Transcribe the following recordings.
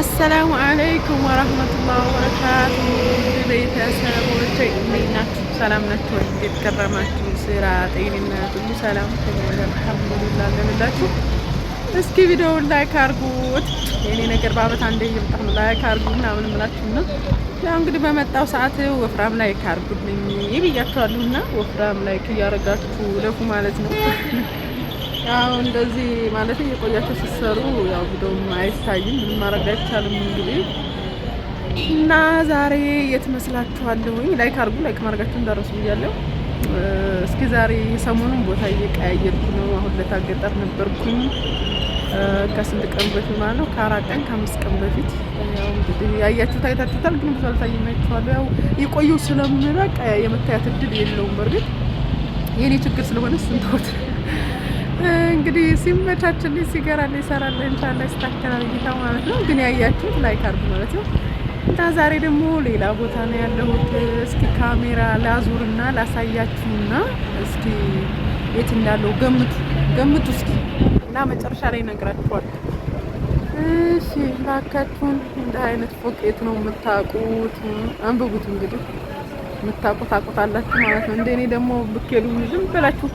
አሰላሙ አለይኩም ወረህመቱላህ ወበረካቱ ቤተሰቦች እንዴት ናችሁ? ሰላም ናችሁ ወይ? እንዴት ከረማችሁ? ስራ፣ ጤንነት ሁሉ ሰላም አልሐምዱሊላህ እንደምላችሁ። እስኪ ቪዲዮውን ላይክ አድርጉት። የእኔ ነገር በአመት አንዴ በጣም ላይክ አድርጉና ምን እምላችሁና ያው እንግዲህ በመጣው ሰዓት ወፍራም ላይክ አድርጉልኝ ብያችኋለሁና ወፍራም ላይክ እያደረጋችሁ ለፉ ማለት ነው ያው እንደዚህ ማለት የቆያቸው ሲሰሩ ያው ቪዲዮም አይታይም ምንም ማድረግ አይቻልም። እንግዲህ እና ዛሬ የት መስላችኋለሁኝ? ላይክ አድርጉ፣ ላይክ ማድረጋችሁ እንዳረሱ ብያለሁ። እስኪ ዛሬ የሰሞኑን ቦታ እየቀያየርኩ ነው። አሁን ለታ ገጠር ነበርኩኝ ከስንት ቀን በፊት ማለት ነው ከአራት ቀን ከአምስት ቀን በፊት እንግዲህ ያያችሁት አይታችሁታል፣ ግን ብዙ አልታየም። አይቼዋለሁ። ያው የቆየው ስለምንበቅ የመታየት እድል የለውም። በእርግጥ የእኔ ችግር ስለሆነ ስንተወት እንግዲህ ሲመቻችልኝ ሲገራል ይሰራል ኢንሻአላህ ይስተካከላል ጌታ ማለት ነው። ግን ያያችሁት ላይክ አድርጉ ማለት ነው። እና ዛሬ ደግሞ ሌላ ቦታ ነው ያለሁት። እስኪ ካሜራ ላዙርና ላሳያችሁና እስኪ የት እንዳለው ገምቱ ገምቱ እስኪ እና መጨረሻ ላይ ነግራችኋል። እሺ ላካችሁን እንደ አይነት ፎቅ የት ነው የምታውቁት? አንብቡት እንግዲህ የምታውቁት አቁታላችሁ ማለት ነው። እንደኔ ደግሞ ብኬዱ ዝም ብላችሁ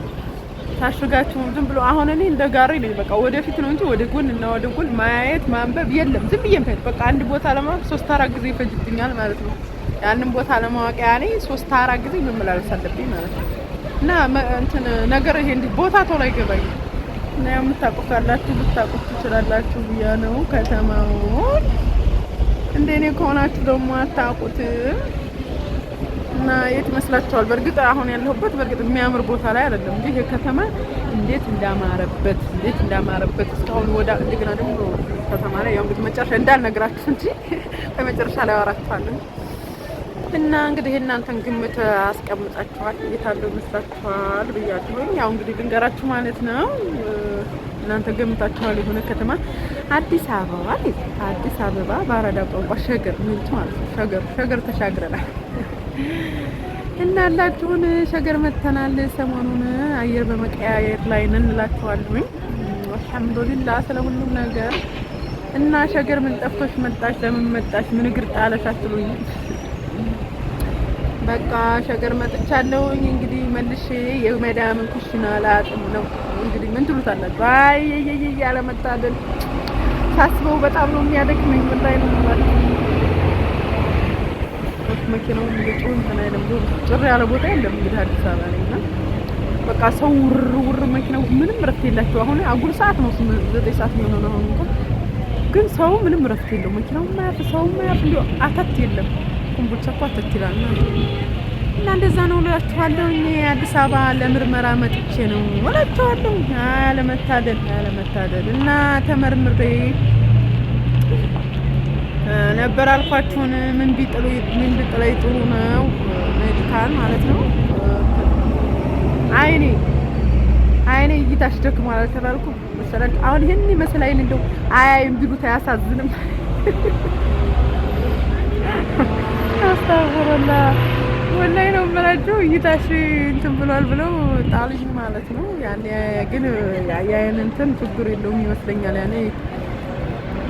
ታሽጋችሁ ዝም ብሎ አሁን እኔ እንደ ጋሪ ነኝ። በቃ ወደፊት ነው እንጂ ወደ ጎን እና ወደ ጎን ማየት ማንበብ የለም። ዝም ብዬ ምሄድ በቃ አንድ ቦታ ለማወቅ ሶስት አራት ጊዜ ይፈጅብኛል ማለት ነው። ያንን ቦታ ለማወቅ ያኔ ሶስት አራት ጊዜ መመላለስ አለብኝ ማለት ነው። እና እንትን ነገር ይሄ እንዲህ ቦታ ቶሎ አይገባኝም እና የምታውቁ ካላችሁ ልታውቁት ትችላላችሁ ብዬ ነው ከተማውን። እንደኔ ከሆናችሁ ደግሞ አታውቁትም። እና የት ይመስላችኋል? በእርግጥ አሁን ያለሁበት በእርግጥ የሚያምር ቦታ ላይ አይደለም ይህ ከተማ እንዴት እንዳማረበት እንዴት እንዳማረበት እስካሁን ወደ እንደገና ደግሞ ከተማ ላይ ያው እንግዲህ መጨረሻ እንዳልነግራችሁ እንጂ በመጨረሻ ላይ አወራችኋለሁ። እና እንግዲህ እናንተን ግምት አስቀምጣችኋል እንዴት አለው ይመስላችኋል ብያችሁኝ፣ ያው እንግዲህ ልንገራችሁ ማለት ነው። እናንተ ገምታችኋል የሆነ ከተማ አዲስ አበባ አዲስ አበባ በአራዳ ቋንቋ ሸገር ምንጭ ማለት ነው። ሸገር ሸገር ተሻግረናል እናላችሁን ሸገር መተናል። ሰሞኑን አየር በመቀያየር ላይ ነን እንላችኋለሁኝ። አልሐምዱሊላህ ስለ ሁሉም ነገር እና ሸገር ምን ጠፍቶሽ መጣሽ? ለምን መጣሽ? ምን እግር ጣለሽ አትሉኝ። በቃ ሸገር መጥቻለሁኝ። እንግዲህ መልሼ የመዳምን ኩሽና ላጥም ነው እንግዲህ ምን ትሉታላችሁ? አይ ያለመታደል ሳስበው በጣም ነው የሚያደክመኝ። ምን ላይ ነው ያስገባሁት መኪናውን ልጩ እንትን አይለም ጭር ያለ ቦታ የለም እንግዲህ አዲስ አበባ ላይ እና በቃ ሰው ውር ውር መኪናው ምንም ረፍት የላቸው። አሁን አጉል ሰዓት ነው ዘጠኝ ሰዓት የሚሆነው ነው። አሁን እንኳን ግን ሰው ምንም ረፍት የለው። መኪናው ማያፍ ሰው ማያፍ እንዲ አተት የለም። ኩምቦቻ እኮ አተት ይላል እና እንደዛ ነው እላችኋለሁ። እኔ አዲስ አበባ ለምርመራ መጥቼ ነው እላችኋለሁ። አለመታደል አለመታደል እና ተመርምሬ ነበር አልኳችሁን። ምን ቢጥሉ ምን ቢጥለይ ጥሩ ነው ሜዲካል ማለት ነው። አይኔ አይኔ እይታሽ ደክሟል አልተባልኩም መሰለኝ። አሁን ይህን ይመስል አይን እንደው አያይም ቢሉት አያሳዝንም? አስታወረላ ወላሂ ነው የምላቸው እይታሽ እንትን ብሏል ብለው ጣልኝ ማለት ነው። ያኔ ግን የአይን እንትን ችግር የለውም ይመስለኛል ያኔ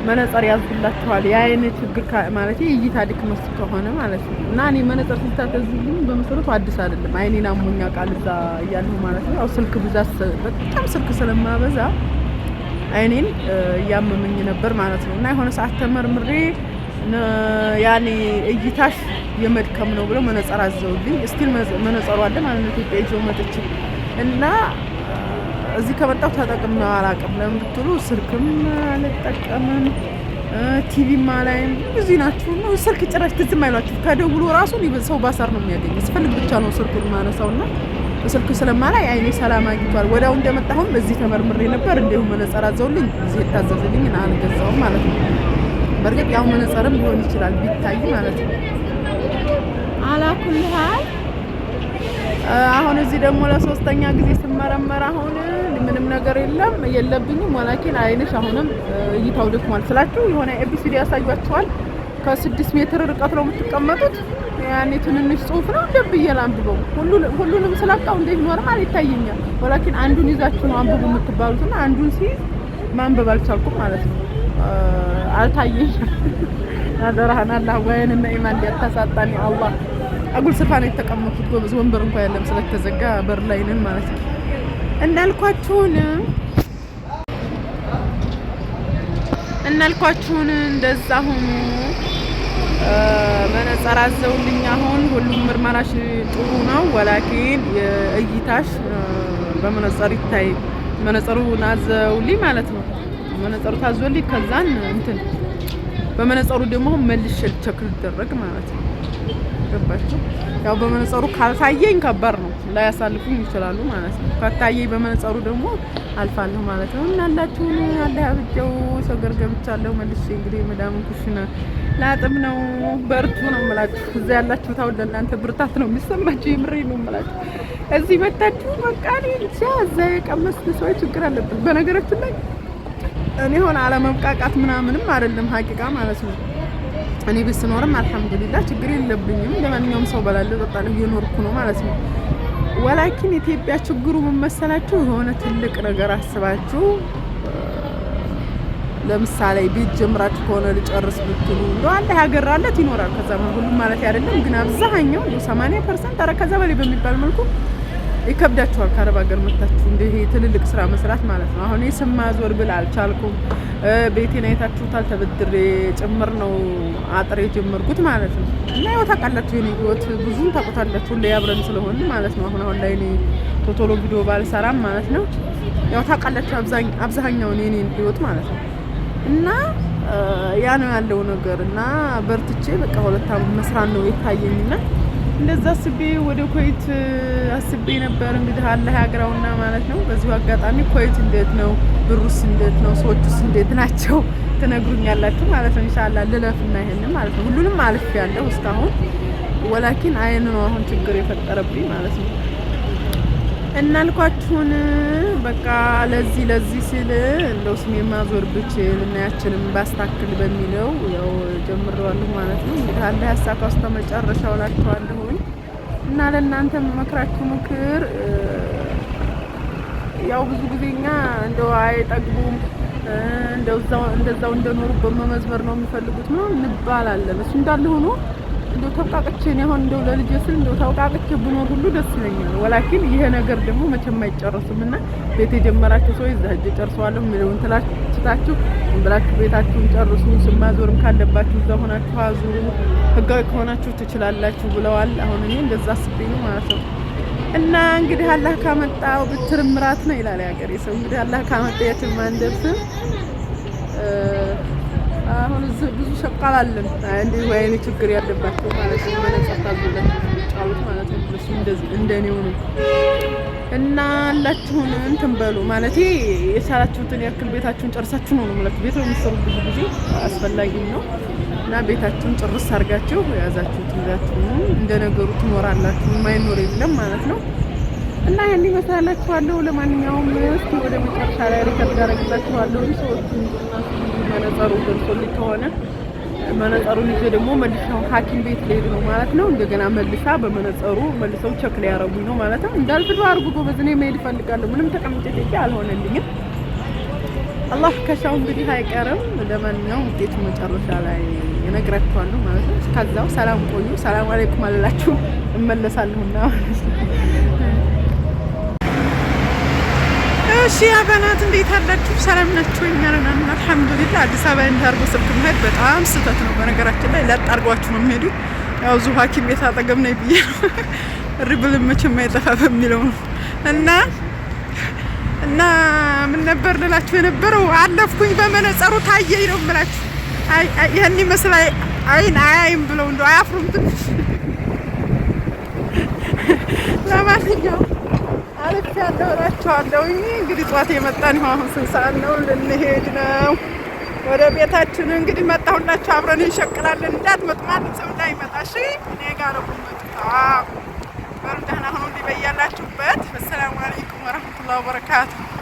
መነጽር ያዝላችኋል። የአይን ችግር ማለት እይታ ድክመት ከሆነ ማለት ነው። እና እኔ መነጸር ስታተዝልኝ በመሰረቱ አዲስ አይደለም። አይኔን አሞኛ ቃል እዛ እያለሁ ማለት ነው። ያው ስልክ ብዛት፣ በጣም ስልክ ስለማበዛ አይኔን እያመመኝ ነበር ማለት ነው። እና የሆነ ሰዓት ተመርምሬ ያኔ እይታሽ የመድከም ነው ብለው መነጽር አዘውልኝ። እስቲል መነፀሩ አለ ማለት ነው ኢትዮጵያ ይዤው መጥቼ እና እዚህ ከመጣሁ ተጠቅሜው አላውቅም ለምትሉ ስልክም አልጠቀምም ቲቪም አላይም። ብዙ ናችሁ ስልክ ጭራሽ ትዝም አይሏችሁ። ከደውሎ ራሱ ሰው ባሳር ነው የሚያገኝ። ስፈልግ ብቻ ነው ስልኩን ማነሳው እና ስልክ ስለማላይ አይኔ ሰላም አግኝቷል። ወዲያው እንደመጣሁም እዚህ ተመርምሬ ነበር። እንዲሁም መነጸር አዘውልኝ እዚህ የታዘዝልኝ አልገዛውም ማለት ነው። በእርግጥ ያው መነጸርም ሊሆን ይችላል ቢታይ ማለት ነው አላኩልሃል አሁን እዚህ ደግሞ ለሶስተኛ ጊዜ ስመረመር አሁን ምንም ነገር የለም የለብኝም። ወላኪን አይንሽ አሁንም እይታው ደክሟል ስላችሁ የሆነ ኤቢሲዲ ያሳያችኋል። ከስድስት ሜትር ርቀት ነው የምትቀመጡት። ያኔ ትንንሽ ጽሁፍ ነው እንደብዬ ላንብበው ሁሉንም ስላጣው እንዴት ኖርማል ይታየኛል። ወላኪን አንዱን ይዛችሁ ነው አንብቡ የምትባሉት እና አንዱን ሲይዝ ማንበብ አልቻልኩም ማለት ነው። አልታየኝ። አደራህን አላህ ወይን ኢማን ሊያታሳጣኒ አላህ አጉል ስፋ ነው የተቀመጥኩት ጎበዝ። ወንበር እንኳ ያለም ስለተዘጋ በር ላይ ነን ማለት ነው። እንዳልኳችሁን እናልኳችሁን እንደዛ ሆኑ። መነጸር አዘውልኝ። አሁን ሁሉም ምርመራሽ ጥሩ ነው፣ ወላኪን የእይታሽ በመነጸር ይታይ። መነጸሩ አዘውልኝ ማለት ነው። መነጸሩ ታዞልኝ፣ ከዛን እንትን በመነጸሩ ደግሞ መልሽ መልሼ ቸክ ልደረግ ማለት ነው። ገባችሁ? ያው በመነጸሩ ካልታየኝ ከባድ ነው፣ ላያሳልፉኝ ይችላሉ ማለት ነው። ከታየኝ በመነጸሩ ደግሞ አልፋለሁ ማለት ነው። እና ያላችሁን አለ ሰው ሰገር ገብቻለሁ መልሼ። እንግዲህ መዳምን ኩሽና ላጥም ነው። በርቱ ነው የምላችሁ። እዛ ያላችሁ ታውደ እናንተ ብርታት ነው የሚሰማችሁ። የምሬ ነው የምላችሁ። እዚህ መታችሁ በቃ ብቻ እዛ የቀመስኩ ሰዎች ችግር አለብን። በነገራችን ላይ እኔ ሆነ አለመብቃቃት ምናምንም አይደለም ሀቂቃ ማለት ነው እኔ ቤት ስኖርም አልሐምዱሊላ ችግር የለብኝም። ለማንኛውም ሰው በላለሁ ጠጣለሁ እየኖርኩ ነው ማለት ነው። ወላኪን ኢትዮጵያ ችግሩ ምን መሰላችሁ? የሆነ ትልቅ ነገር አስባችሁ ለምሳሌ ቤት ጀምራችሁ ከሆነ ልጨርስ ብትሉ እንደው አንድ ሀገር አለት ይኖራል። ከዛ ሁሉም ማለት አይደለም ግን አብዛኛው 80 ፐርሰንት፣ ኧረ ከዛ በላይ በሚባል መልኩ ይከብዳችኋል። ከአረብ ሀገር መታችሁ እንዲህ ትልልቅ ስራ መስራት ማለት ነው። አሁን የስማ ዞር ብል አልቻልኩም። ቤቴን አይታችሁታል። ተበድሬ ጭምር ነው አጥር የጀመርኩት ማለት ነው። እና ያው ታውቃላችሁ፣ የኔ ህይወት ብዙም ታውቁታላችሁ። እንደ ያብረን ስለሆን ማለት ነው። አሁን አሁን ላይ እኔ ቶቶሎ ቪዲዮ ባልሰራም ማለት ነው። ያው ታውቃላችሁ፣ አብዛኛውን የኔን ህይወት ማለት ነው። እና ያ ነው ያለው ነገር እና በርትቼ በቃ ሁለት መስራት ነው የታየኝና እንደዛ አስቤ ወደ ኮይት አስቤ ነበር። እንግዲህ አለ ሀገራውና ማለት ነው። በዚሁ አጋጣሚ ኮይት እንዴት ነው? ብሩስ እንዴት ነው? ሰዎቹስ እንዴት ናቸው? ትነግሩኛላችሁ ማለት ነው። ኢንሻአላህ ልለፍና ይሄንን ማለት ነው። ሁሉንም አልፍ ያለው እስካሁን ወላኪን አይን ነው አሁን ችግር የፈጠረብኝ ማለት ነው። እናልኳችሁን በቃ ለዚህ ለዚህ ሲል እንደው ስሜ ማዞር ብችል እና ያችንም ባስታክል በሚለው ያው ጀምረዋለሁ ማለት ነው። እንግዲህ አላህ ያሳካው እስከ መጨረሻው እላችኋለሁ። እና ለእናንተ መክራችሁ ምክር ያው ብዙ ጊዜ እኛ እንደው አይጠግቡም እንደዛው እንደዛው እንደኖሩበት መመዝበር ነው የሚፈልጉት ነው እንባላለን። እሱ እንዳለ ሆኖ እንደው ተብቃቅቼ ነው አሁን እንደው ለልጄ ስል እንደው ተብቃቅቼ ብኖር ሁሉ ደስ ይለኛል። ወላኪን ይሄ ነገር ደግሞ መቼም አይጨረስም እና ቤት የጀመራችሁ ሰው እዛ ሂጅ ጨርሰዋለሁ የሚለውን ትላችታችሁ ብላችሁ ቤታችሁን ጨርሱ። ስማዞርም ካለባችሁ እዛ ሆናችሁ አዙሩ። ህጋዊ ከሆናችሁ ትችላላችሁ ብለዋል። አሁን እኔ እንደዛ አስቤ ነው ማለት ነው። እና እንግዲህ አላህ ካመጣው ብትር ምራት ነው ይላል ያገሬ ሰው። እንግዲህ አላህ ካመጣ የትም አንደርስም። አሁን እዚህ ብዙ ሸቃል አለን። እንዲህ ወይኔ ችግር ያለባቸው ማለት ነው ጫወት ማለት ነው። እሱ እንደዚህ እንደኔው ነው እና አላችሁን እንትን በሉ ማለት የቻላችሁትን ያክል ቤታችሁን ጨርሳችሁ ነው ነው ማለት ቤት የሚሰሩ ብዙ ጊዜ አስፈላጊም ነው እና ቤታችሁን ጭርስ አድርጋችሁ የያዛችሁት ይዛችሁ እንደ ትኖራላችሁ። የማይኖር የለም ማለት ነው። እና ይህን ይመስላችኋለሁ። ለማንኛውም እስኪ ወደ መጨረሻ ላይ ሪከርድ አደረግላችኋለሁ ሰዎቹ መነጸሩ ደርሶልኝ ከሆነ መነጸሩን ይዤ ደግሞ መልሰው ሐኪም ቤት ልሄድ ነው ማለት ነው። እንደገና መልሳ በመነጸሩ መልሰው ቸክ ላይ ያረጉኝ ነው ማለት ነው። እንዳልፍዶ አርጉ ጎበዝ፣ እኔ መሄድ እፈልጋለሁ። ምንም ተቀምጬ ጥቄ አልሆነልኝም። አላህ ከሻው እንግዲህ አይቀርም። ለማንኛውም ውጤቱ መጨረሻ ላይ እነግራችኋለሁ ማለት ነው። እስከዛው ሰላም ቆዩ። ሰላም አለይኩም አላላችሁ እመለሳለሁና ማለት ነው። እሺ አባናት እንዴት አላችሁ? ሰላም ናችሁ? እኛ ነን አልሐምዱሊላ። አዲስ አበባ እንዳርጎ ስልክ መሄድ በጣም ስህተት ነው። በነገራችን ላይ ለጥ ላጣርጓችሁ ነው የሚሄዱ ያው ዙ ሐኪም ቤት አጠገብ ነው ብዬ ነው ሪብል መቼም አይጠፋ በሚለው ነው እና እና ምን ነበር ልላችሁ የነበረው አለፍኩኝ በመነጸሩ ታየኝ ነው የምላችሁ። ይህን ይመስል አይን አያይም ብለው እንደ አያፍሩም ትንሽ ለማንኛውም አለፍ ያለው እንግዲህ ጠዋት የመጣን ይኸው አሁን ስንት ሰዓት ነው? ልንሄድ ነው ወደ ቤታችን። እንግዲህ መጣሁላችሁ፣ አብረን እንሸቅላለን። እንዳትመጡ ማንም ሰው እንዳይመጣ እሺ። እኔ ጋር ነው በሩ ደህና ሁኑ። ሊበያላችሁበት። አሰላሙ አለይኩም ወረህመቱላሂ ወበረካቱሁ